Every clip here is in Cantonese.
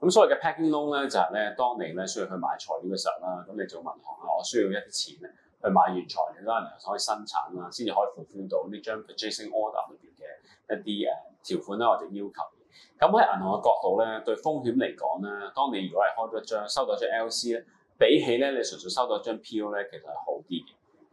咁所謂嘅 packing loan 咧，就係、是、咧當你咧需要去買材料嘅時候啦，咁你做銀行啦，我需要一啲錢咧去買原材料啦，然後可以生產啦，先至可以付款到呢張 purchasing order 裏邊嘅一啲誒條款啦，或者要求。咁喺銀行嘅角度咧，對風險嚟講咧，當你如果係開咗一張收到張 LC 咧，比起咧你純粹收到一張 PO 咧，其實係好啲。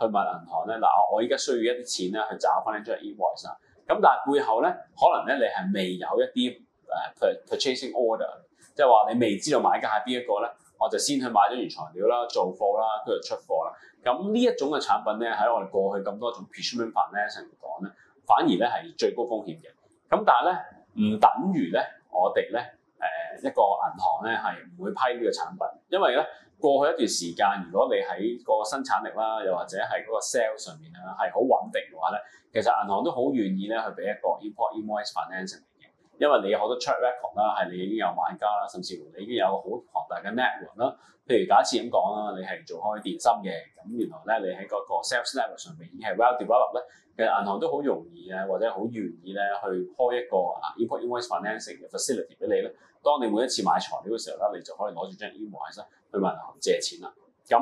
去問銀行咧，嗱，我而家需要一啲錢咧，去找翻張 invoice 啦。咁但係背後咧，可能咧你係未有一啲誒 purchasing order，即係話你未知道買家係邊一個咧，我就先去買咗原材料啦，做貨啦，跟住出貨啦。咁呢一種嘅產品咧，喺我哋過去咁多種 pre-shipment finance 嚟講咧，反而咧係最高風險嘅。咁但係咧，唔等於咧，我哋咧一個銀行咧係唔會批呢個產品。因為咧過去一段時間，如果你喺個生產力啦，又或者喺個個 sales 上面啊，係好穩定嘅話咧，其實銀行都好願意咧去俾一個 import invoice finance 嚟。因為你有好多 track record 啦，係你已經有買家啦，甚至乎你已經有好強大嘅 network 啦。譬如假設咁講啦，你係做開電芯嘅，咁原來咧你喺嗰個 sales level 上面已經係 well developed 咧，其實銀行都好容易咧，或者好願意咧去開一個啊 import invoice financing 嘅 facility 俾你咧。當你每一次買材料嘅時候啦，你就可以攞住張 invoice 去銀行借錢啦。咁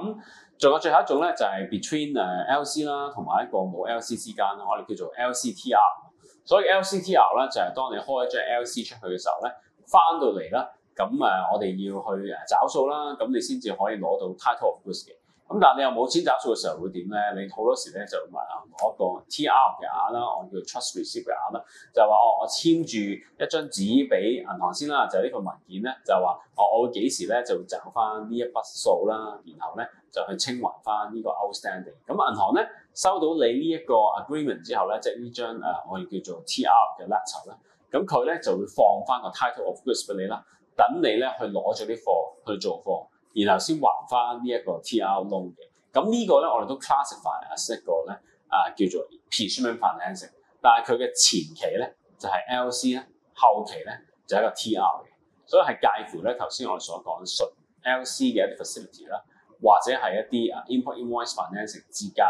仲有最後一種咧，就係 between 誒 LC 啦，同埋一個冇 LC 之間咯，我哋叫做 LCTR。所以 LCTR 咧就係當你開一張 L.C. 出去嘅時候咧，返到嚟啦，咁啊我哋要去誒找數啦，咁你先至可以攞到 title of 嘅時間。咁但係你又冇錢找數嘅時候會點咧？你好多時咧就問銀行攞一個 TR 嘅額啦，我叫 trust receipt 嘅額啦，就話哦，我簽住一張紙俾銀行先啦，就係呢份文件咧就話哦，我會幾時咧就會找翻呢一筆數啦，然後咧就去清還翻呢個 outstanding。咁銀行咧收到你呢一個 agreement 之後咧，即係呢張誒我叫叫做 TR 嘅 letter 咧，咁佢咧就會放翻個 title of goods 俾你啦，等你咧去攞咗啲貨去做貨。然後先還翻呢一個 T R loan 嘅，咁呢個咧我哋都 classify as 一個咧啊叫做 payment financing，但係佢嘅前期咧就係、是、L C 咧，後期咧就係、是、一個 T R 嘅，所以係介乎咧頭先我哋所講述 L C 嘅一啲 facility 啦，或者係一啲啊 import invoice financing 之間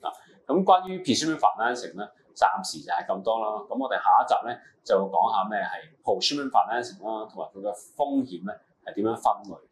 啊。咁關於 payment financing 咧，暫時就係咁多啦。咁我哋下一集咧就講下咩係 provision financing 啦，同埋佢嘅風險咧係點樣分類。